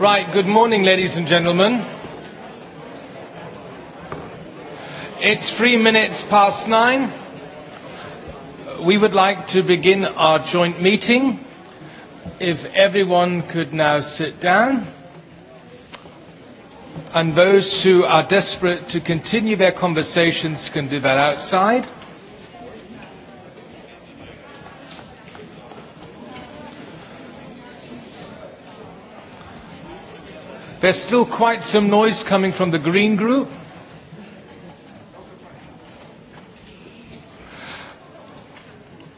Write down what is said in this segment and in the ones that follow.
Right, good morning, ladies and gentlemen. It's three minutes past nine. We would like to begin our joint meeting. If everyone could now sit down. And those who are desperate to continue their conversations can do that outside. There's still quite some noise coming from the Green Group.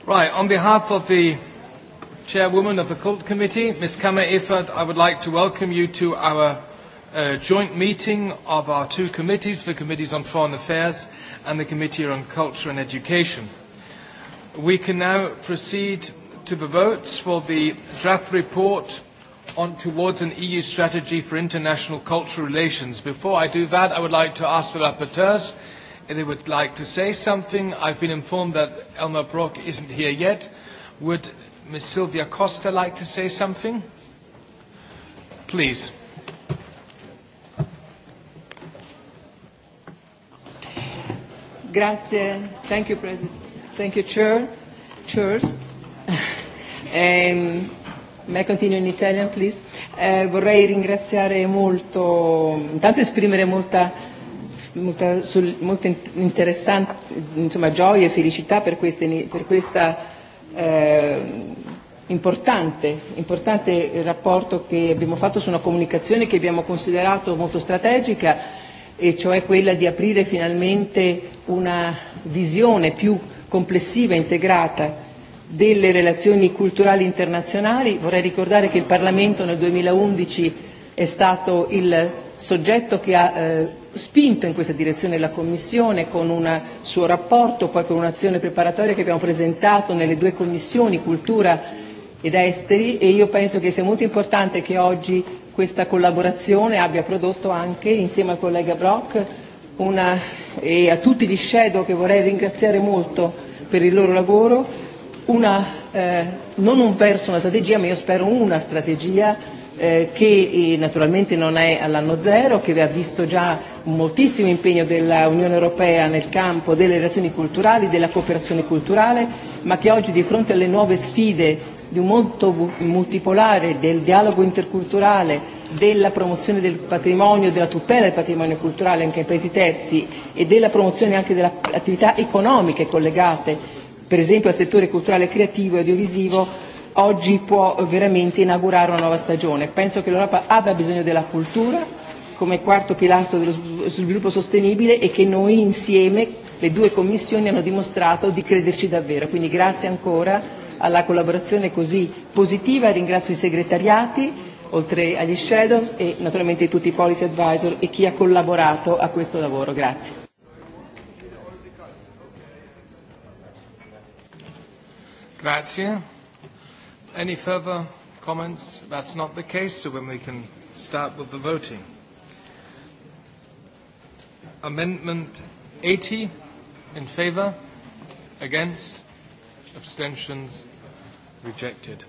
Right, on behalf of the Chairwoman of the Cult Committee, Ms. Kama Ifad, I would like to welcome you to our uh, joint meeting of our two committees, the Committees on Foreign Affairs and the Committee on Culture and Education. We can now proceed to the votes for the draft report on towards an EU strategy for international cultural relations. Before I do that, I would like to ask the rapporteurs if they would like to say something. I've been informed that Elmar Brock isn't here yet. Would Ms. Silvia Costa like to say something? Please. Grazie. Thank you, President. Thank you, Chair. Chairs. um, May I continue in Italian, please? Eh, vorrei ringraziare molto, intanto esprimere molta, molta, sul, molta interessante insomma, gioia e felicità per, queste, per questa eh, importante, importante rapporto che abbiamo fatto su una comunicazione che abbiamo considerato molto strategica e cioè quella di aprire finalmente una visione più complessiva e integrata delle relazioni culturali internazionali. Vorrei ricordare che il Parlamento nel 2011 è stato il soggetto che ha eh, spinto in questa direzione la Commissione con un suo rapporto, poi con un'azione preparatoria che abbiamo presentato nelle due commissioni, cultura ed esteri, e io penso che sia molto importante che oggi questa collaborazione abbia prodotto anche, insieme al collega Brock, una, e a tutti gli shadow che vorrei ringraziare molto per il loro lavoro, una, eh, non un verso una strategia, ma io spero una strategia eh, che eh, naturalmente non è all'anno zero, che ha visto già un moltissimo impegno dell'Unione Europea nel campo delle relazioni culturali, della cooperazione culturale, ma che oggi di fronte alle nuove sfide di un mondo multipolare, del dialogo interculturale, della promozione del patrimonio, della tutela del patrimonio culturale anche ai paesi terzi e della promozione anche delle attività economiche collegate per esempio al settore culturale creativo e audiovisivo oggi può veramente inaugurare una nuova stagione. Penso che l'Europa abbia bisogno della cultura come quarto pilastro dello sviluppo sostenibile e che noi insieme, le due commissioni, hanno dimostrato di crederci davvero. Quindi grazie ancora alla collaborazione così positiva, ringrazio i segretariati, oltre agli shadow e naturalmente tutti i policy advisor e chi ha collaborato a questo lavoro. Grazie. Grazie. Any further comments? That's not the case, so then we can start with the voting. Amendment 80 in favour, against, abstentions, rejected.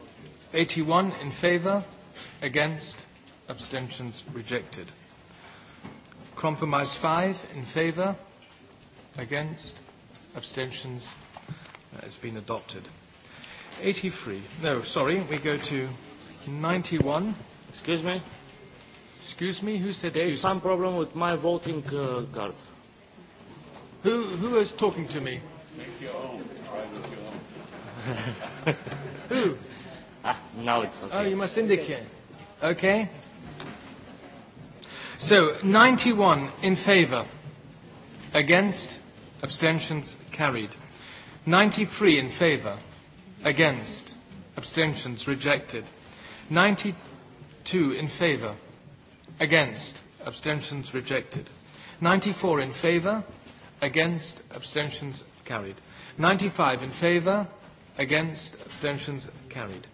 81 in favour, against, abstentions, rejected. Compromise 5 in favour, against, abstentions, has been adopted. 83. No, sorry, we go to 91. Excuse me? Excuse me, who said There some me? problem with my voting uh, card. Who, who is talking to me? Make your own. Try with your own. who? Ah, now it's okay. Oh, you must indicate. Okay. So, 91 in favour. Against? Abstentions carried. 93 in favour. Against. Abstentions rejected. 92 in favour. Against. Abstentions rejected. 94 in favour. Against. Abstentions carried. 95 in favour. Against. Abstentions carried.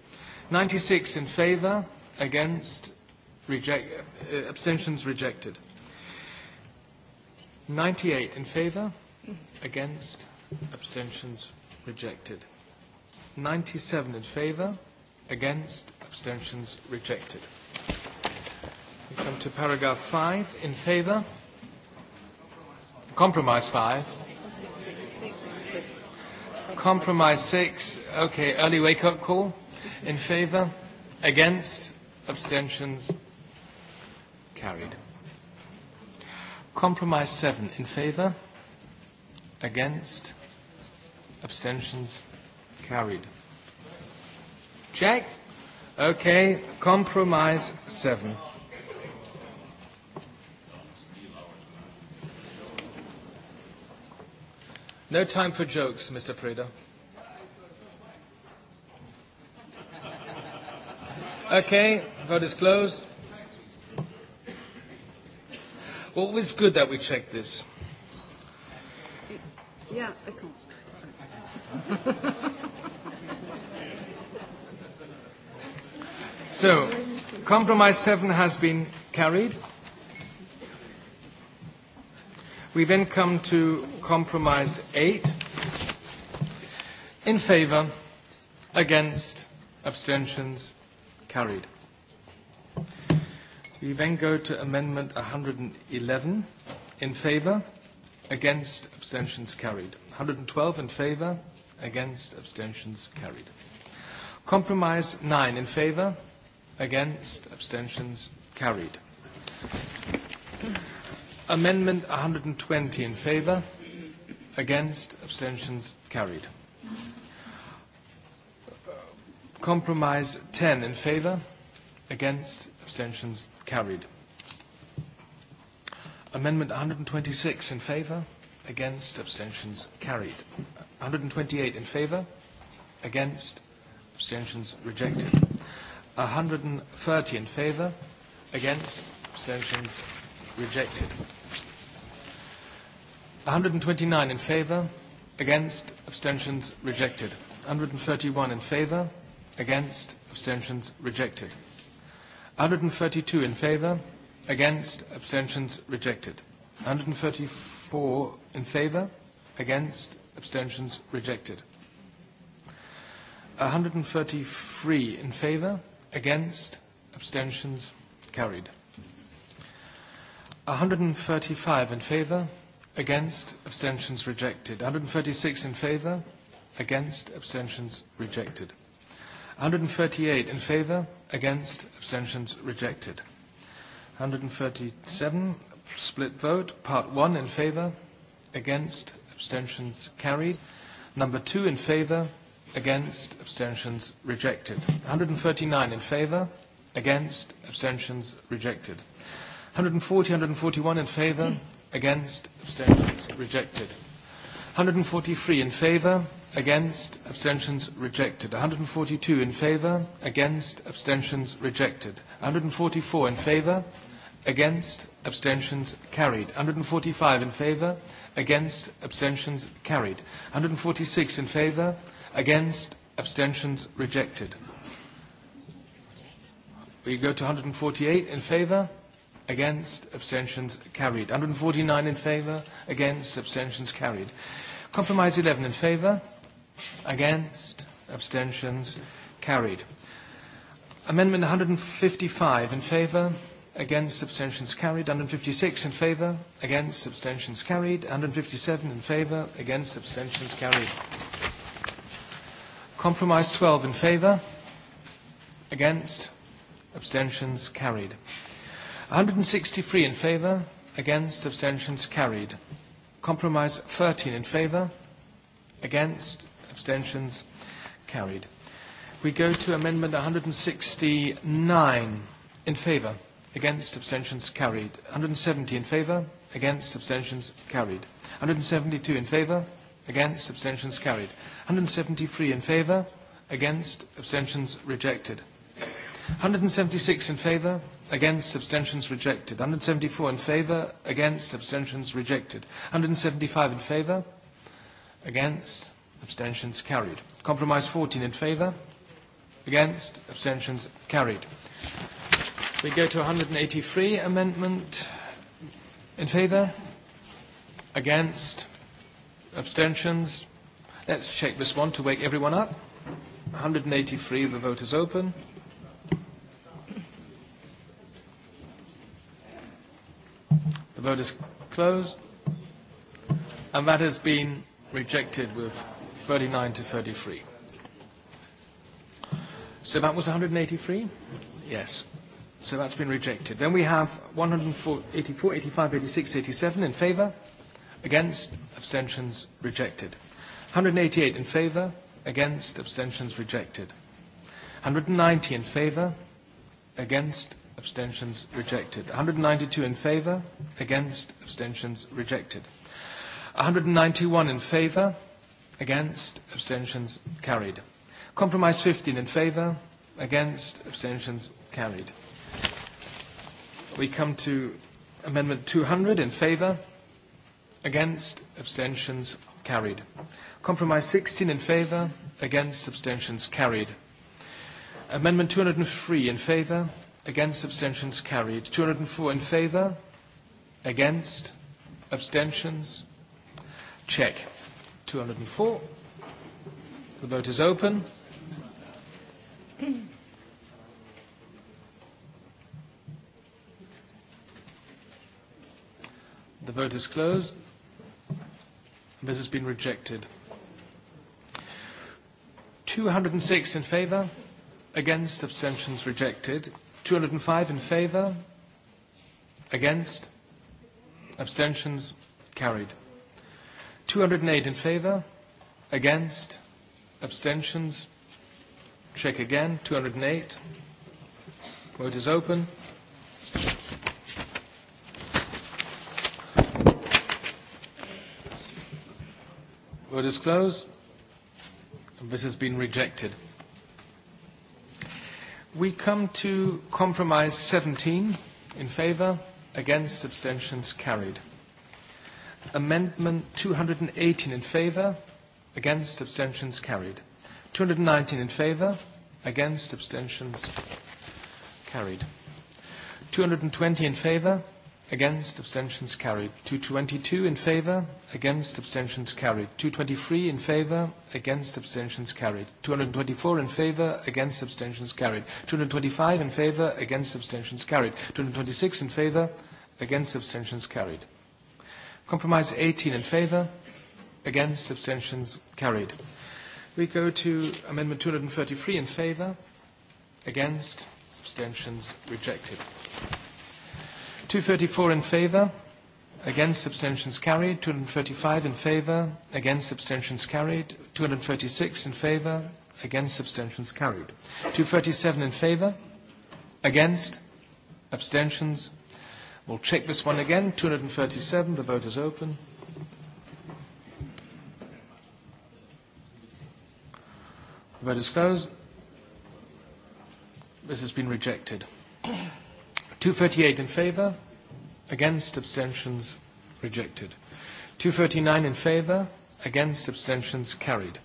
96 in favour. Against. Reject, uh, abstentions rejected. 98 in favour. Against. Abstentions rejected. 97 in favour, against, abstentions rejected. We come to paragraph 5, in favour, compromise 5, compromise 6, okay, early wake-up call, in favour, against, abstentions carried. Compromise 7, in favour, against, abstentions carried. Carried. Check. Okay, compromise seven. No time for jokes, Mr. Prida. Okay, vote is closed. Well, it was good that we checked this. It's, yeah, I can't. So, compromise 7 has been carried. We then come to compromise 8. In favour, against, abstentions, carried. We then go to amendment 111. In favour, against, abstentions, carried. 112 in favour, against, abstentions, carried. Compromise 9 in favour, Against? Abstentions? Carried. Amendment 120 in favour. Against? Abstentions? Carried. Compromise 10 in favour. Against? Abstentions? Carried. Amendment 126 in favour. Against? Abstentions? Carried. 128 in favour. Against? Abstentions? Rejected. 130 in favour, against, abstentions, rejected. 129 in favour, against, abstentions, rejected. 131 in favour, against, abstentions, rejected. 132 in favour, against, abstentions, rejected. 134 in favour, against, abstentions, rejected. 133 in favour, Against? Abstentions? Carried. 135 in favour. Against? Abstentions? Rejected. 136 in favour. Against? Abstentions? Rejected. 138 in favour. Against? Abstentions? Rejected. 137 split vote. Part 1 in favour. Against? Abstentions? Carried. Number 2 in favour against, abstentions rejected. 139 in favour, against, abstentions rejected. 140, 141 in favour, against, abstentions rejected. 143 in favour, against, abstentions rejected. 142 in favour, against, abstentions rejected. 144 in favour, against, abstentions carried. 145 in favour, against, abstentions carried. 146 in favour, Against? Abstentions? Rejected. We go to 148 in favour. Against? Abstentions? Carried. 149 in favour. Against? Abstentions? Carried. Compromise 11 in favour. Against? Abstentions? Carried. Amendment 155 in favour. Against abstentions carried. 156 in favour. Against abstentions carried. 157 in favour. Against abstentions carried. Compromise 12 in favour. Against. Abstentions carried. 163 in favour. Against. Abstentions carried. Compromise 13 in favour. Against. Abstentions carried. We go to Amendment 169 in favour. Against. Abstentions carried. 170 in favour. Against. Abstentions carried. 172 in favour. Against, abstentions carried. 173 in favour. Against, abstentions rejected. 176 in favour. Against, abstentions rejected. 174 in favour. Against, abstentions rejected. 175 in favour. Against, abstentions carried. Compromise 14 in favour. Against, abstentions carried. We go to 183 amendment. In favour? Against? Abstentions? Let's check this one to wake everyone up. 183, the vote is open. The vote is closed. And that has been rejected with 39 to 33. So that was 183? Yes. So that's been rejected. Then we have 184, 85, 86, 87 in favour. Against, abstentions rejected. 188 in favour, against, abstentions rejected. 190 in favour, against, abstentions rejected. 192 in favour, against, abstentions rejected. 191 in favour, against, abstentions carried. Compromise 15 in favour, against, abstentions carried. We come to Amendment 200 in favour, Against, abstentions carried. Compromise 16 in favour, against, abstentions carried. Amendment 203 in favour, against, abstentions carried. 204 in favour, against, abstentions, check. 204. The vote is open. The vote is closed. This has been rejected. 206 in favour. Against. Abstentions rejected. 205 in favour. Against. Abstentions carried. 208 in favour. Against. Abstentions. Check again. 208. Vote is open. Vote is closed. This has been rejected. We come to compromise 17 in favour, against abstentions carried. Amendment 218 in favour, against abstentions carried. 219 in favour, against abstentions carried. 220 in favour, Against, abstentions carried. 222 in favour. Against, abstentions carried. 223 in favour. Against, abstentions carried. 224 in favour. Against, abstentions carried. 225 in favour. Against, abstentions carried. 226 in favour. Against, abstentions carried. Compromise 18 in favour. Against, abstentions carried. We go to Amendment 233 in favour. Against, abstentions rejected. 234 in favour, against abstentions carried. 235 in favour, against abstentions carried. 236 in favour, against abstentions carried. 237 in favour, against abstentions. We'll check this one again. 237, the vote is open. The vote is closed. This has been rejected. 238 in favour, against abstentions rejected. 239 in favour, against abstentions carried.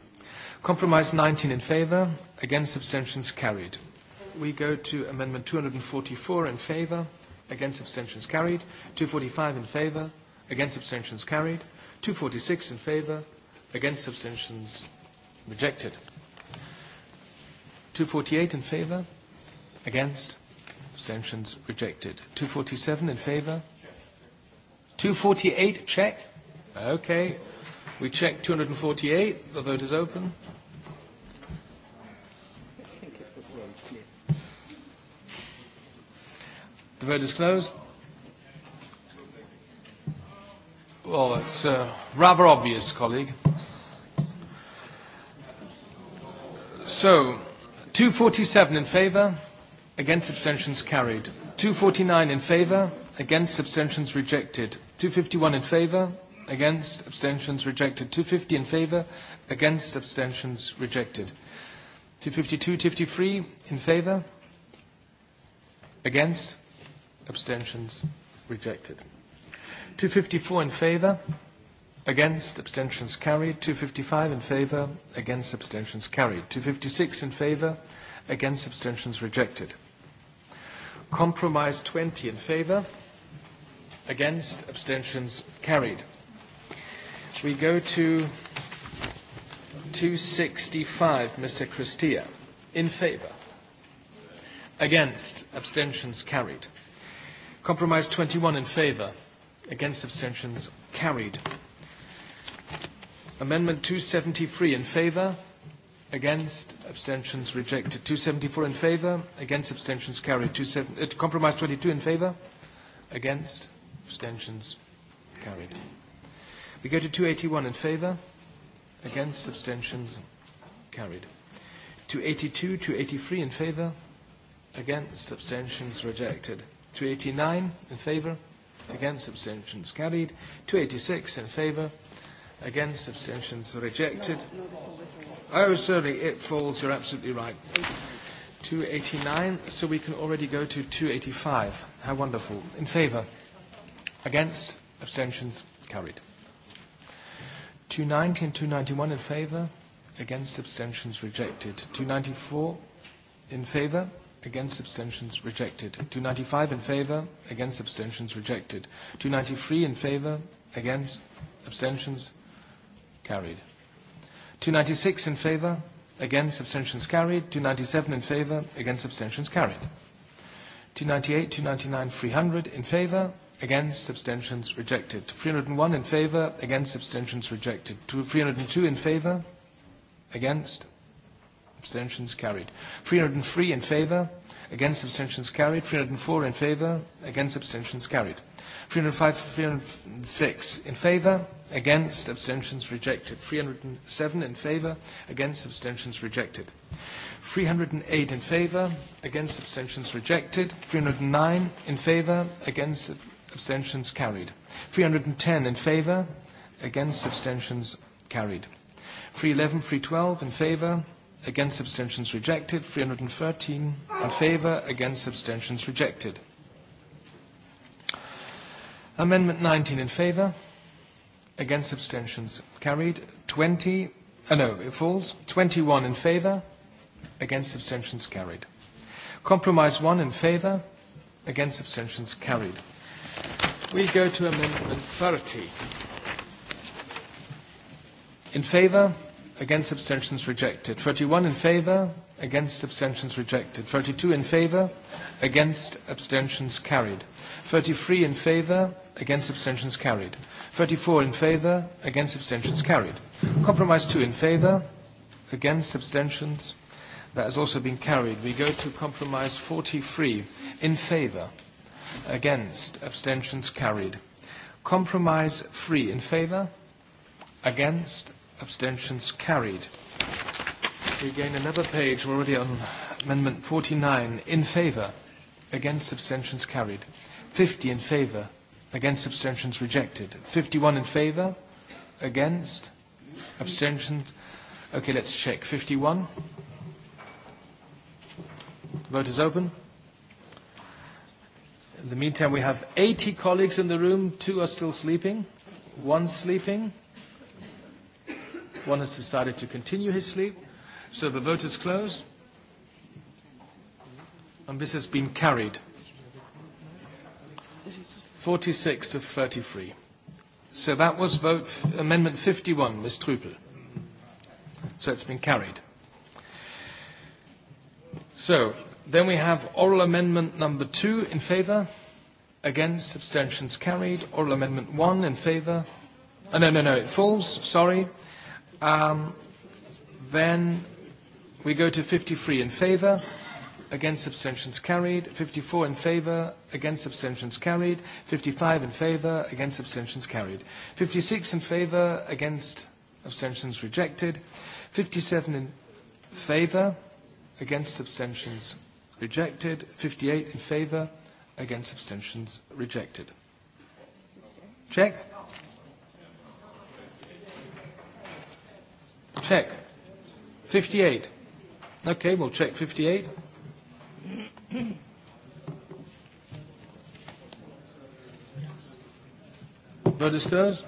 Compromise 19 in favour, against abstentions carried. We go to amendment 244 in favour, against abstentions carried. 245 in favour, against abstentions carried. 246 in favour, against abstentions rejected. 248 in favour, against Abstentions rejected. 247 in favor? 248 check? Okay. We check 248. The vote is open. The vote is closed. Well, it's uh, rather obvious, colleague. So, 247 in favor? Against abstentions carried. 249 in favour. Against abstentions rejected. 251 in favour. Against abstentions rejected. 250 in favour. Against abstentions rejected. 252, 53 in favour. Against abstentions rejected. 254 in favour. Against, abstentions carried. 255 in favour. Against, abstentions carried. 256 in favour. Against, abstentions rejected. Compromise 20 in favour. Against. Abstentions carried. We go to 265, Mr. Christia. In favour. Against. Abstentions carried. Compromise 21 in favour. Against. Abstentions carried. Amendment 273 in favour. Against, abstentions rejected. 274 in favor. Against, abstentions carried. Two seven, uh, compromise 22 in favor. Against, abstentions carried. We go to 281 in favor. Against, abstentions carried. 282, 283 in favor. Against, abstentions rejected. 289 in favor. Against, abstentions carried. 286 in favor. Against, abstentions rejected. No, no, no, no, no. Oh, sorry, it falls. You're absolutely right. 289, so we can already go to 285. How wonderful. In favour? Against? Abstentions? Carried. 290 and 291 in favour? Against? Abstentions? Rejected. 294 in favour? Against? Abstentions? Rejected. 295 in favour? Against? Abstentions? Rejected. 293 in favour? Against? Abstentions? Carried. 296 in favor, against abstentions carried. 297 in favor, against abstentions carried. 298, 299, 300 in favor, against abstentions rejected. 301 in favor, against abstentions rejected. 302 in favor, against abstentions carried. 303 in favour, against abstentions carried. 304 in favour, against abstentions carried. 305, 306 in favour, against abstentions rejected. 307 in favour, against abstentions rejected. 308 in favour, against abstentions rejected. 309 in favour, against abstentions carried. 310 in favour, against abstentions carried. 311, 312 in favour, against abstentions rejected. 313 in favour, against abstentions rejected. Amendment 19 in favour, against abstentions carried. 20, uh, no, it falls. 21 in favour, against abstentions carried. Compromise 1 in favour, against abstentions carried. We go to Amendment 30. In favour, against abstentions rejected. 31 in favor? against abstentions rejected. 32 in favor? against abstentions carried. 33 in favor, against abstentions carried. 34 in favor. against abstentions carried. Compromise 2 in favor? against abstentions. That has also been carried. We go to compromise 43 in favor. against abstentions carried. Compromise 3 in favor? against abstentions carried. We gain another page. We're already on Amendment 49. In favour. Against abstentions carried. 50 in favour. Against abstentions rejected. 51 in favour. Against abstentions. Okay, let's check. 51. Vote is open. In the meantime, we have 80 colleagues in the room. Two are still sleeping. One sleeping. One has decided to continue his sleep. So the vote is closed. And this has been carried. 46 to 33. So that was vote amendment 51, Ms. Trupel. So it's been carried. So then we have oral amendment number two in favour. Against, abstentions carried. Oral amendment one in favour. Oh, uh, no, no, no, it falls. Sorry. Um, then we go to 53 in favour, against abstentions carried. 54 in favour, against abstentions carried. 55 in favour, against abstentions carried. 56 in favour, against abstentions rejected. 57 in favour, against abstentions rejected. 58 in favour, against abstentions rejected. Check. Check. 58. Okay, we'll check 58. No disturbs?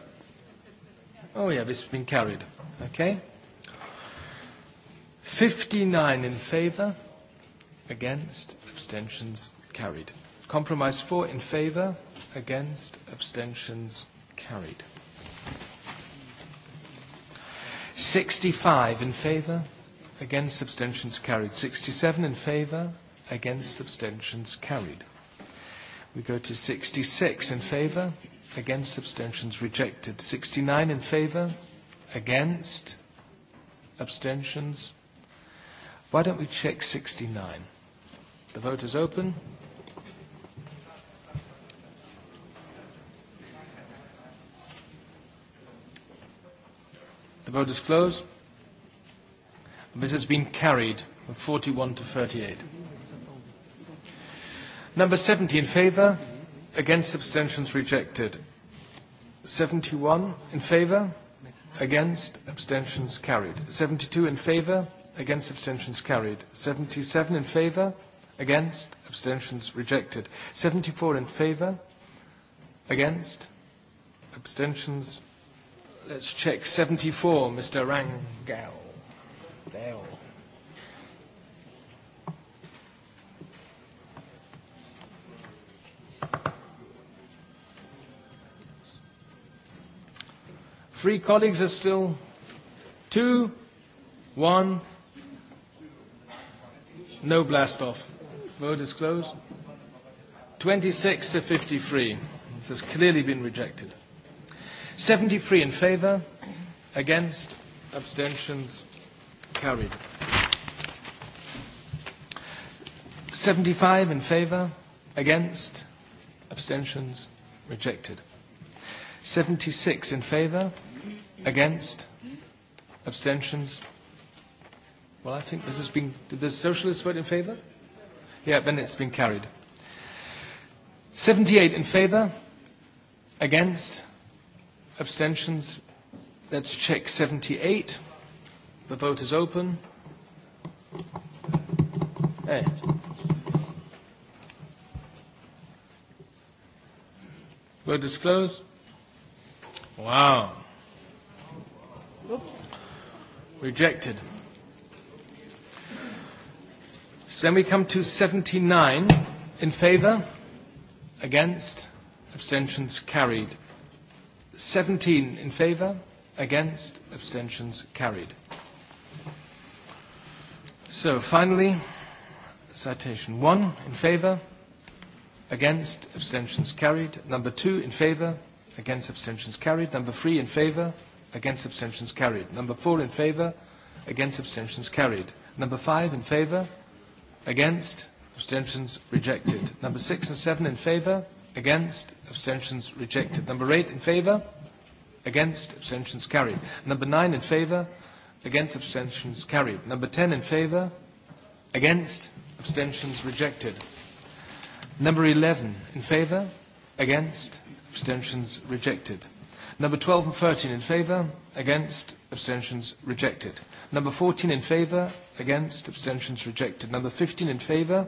Oh yeah, this has been carried. Okay. 59 in favor, against, abstentions carried. Compromise 4 in favor, against, abstentions carried. 65 in favour, against abstentions carried. 67 in favour, against abstentions carried. We go to 66 in favour, against abstentions rejected. 69 in favour, against abstentions. Why don't we check 69? The vote is open. The vote is closed. This has been carried, from 41 to 38. Number 70 in favour, against abstentions rejected. 71 in favour, against abstentions carried. 72 in favour, against abstentions carried. 77 in favour, against abstentions rejected. 74 in favour, against abstentions rejected. Let's check 74, Mr. Rangel. Dale. Three colleagues are still two, one. No blast off. Vote is closed. 26 to 53. This has clearly been rejected. 73 in favour, against, abstentions, carried. 75 in favour, against, abstentions, rejected. 76 in favour, against, abstentions. Well, I think this has been, did the socialists vote in favour? Yeah, then it's been carried. 78 in favour, against, Abstentions? Let's check 78. The vote is open. Eh. Vote is closed. Wow. Oops. Rejected. So then we come to 79 in favor, against, abstentions carried. 17 in favour, against, abstentions carried. So finally, citation 1 in favour, against, abstentions carried. Number 2 in favour, against, abstentions carried. Number 3 in favour, against, abstentions carried. Number 4 in favour, against, abstentions carried. Number 5 in favour, against, abstentions rejected. Number 6 and 7 in favour, Against? Abstentions rejected. Number eight in favour? Against? Abstentions carried. Number nine in favour? Against? Abstentions carried. Number ten in favour? Against? Abstentions rejected. Number eleven in favour? Against? Abstentions rejected. Number twelve and thirteen in favour? Against? Abstentions rejected. Number fourteen in favour? Against? Abstentions rejected. Number fifteen in favour?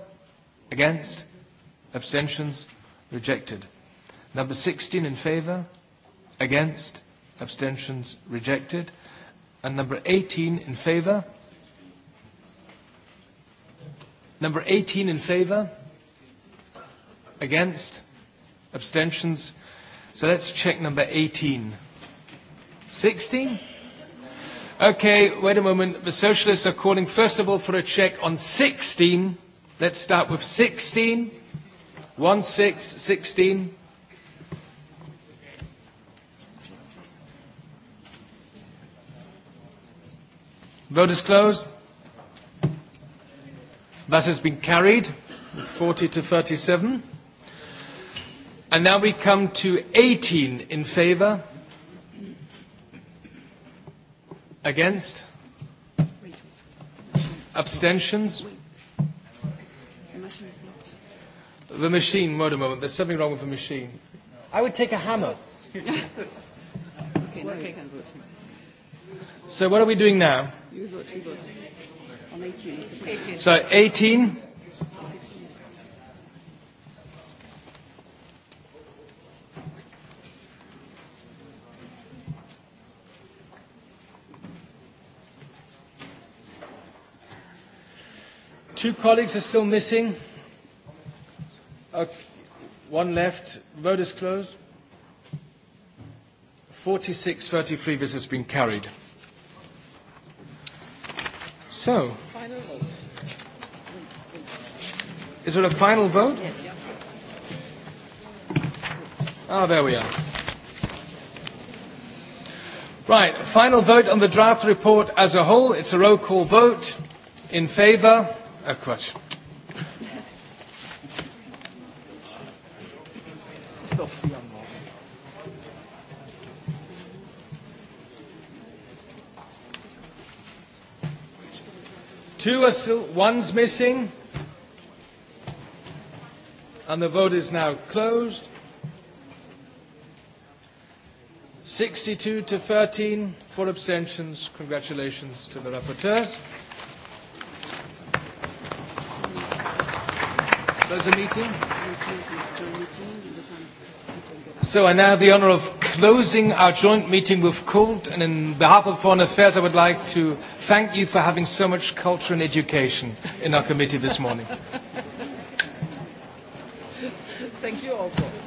Against? Abstentions rejected rejected. Number 16 in favour, against, abstentions rejected. And number 18 in favour. Number 18 in favour, against, abstentions. So let's check number 18. 16? Okay, wait a moment. The socialists are calling, first of all, for a check on 16. Let's start with 16. One six sixteen. Vote is closed. That has been carried, 40 to 37. And now we come to 18 in favour. Against? Abstentions? The machine, wait a moment. There's something wrong with the machine. I would take a hammer. So what are we doing now? So 18. Two colleagues are still missing. Okay. One left. Vote is closed. 4633 this has been carried. So. Final vote. Is there a final vote? Yes. Ah, oh, there we are. Right, final vote on the draft report as a whole. It's a roll call vote. In favour, a question. Two are still, one's missing. And the vote is now closed. 62 to 13, four abstentions. Congratulations to the rapporteurs. There's a meeting. So I now have the honor of closing our joint meeting with Kult, and in behalf of Foreign Affairs, I would like to thank you for having so much culture and education in our committee this morning. thank you also.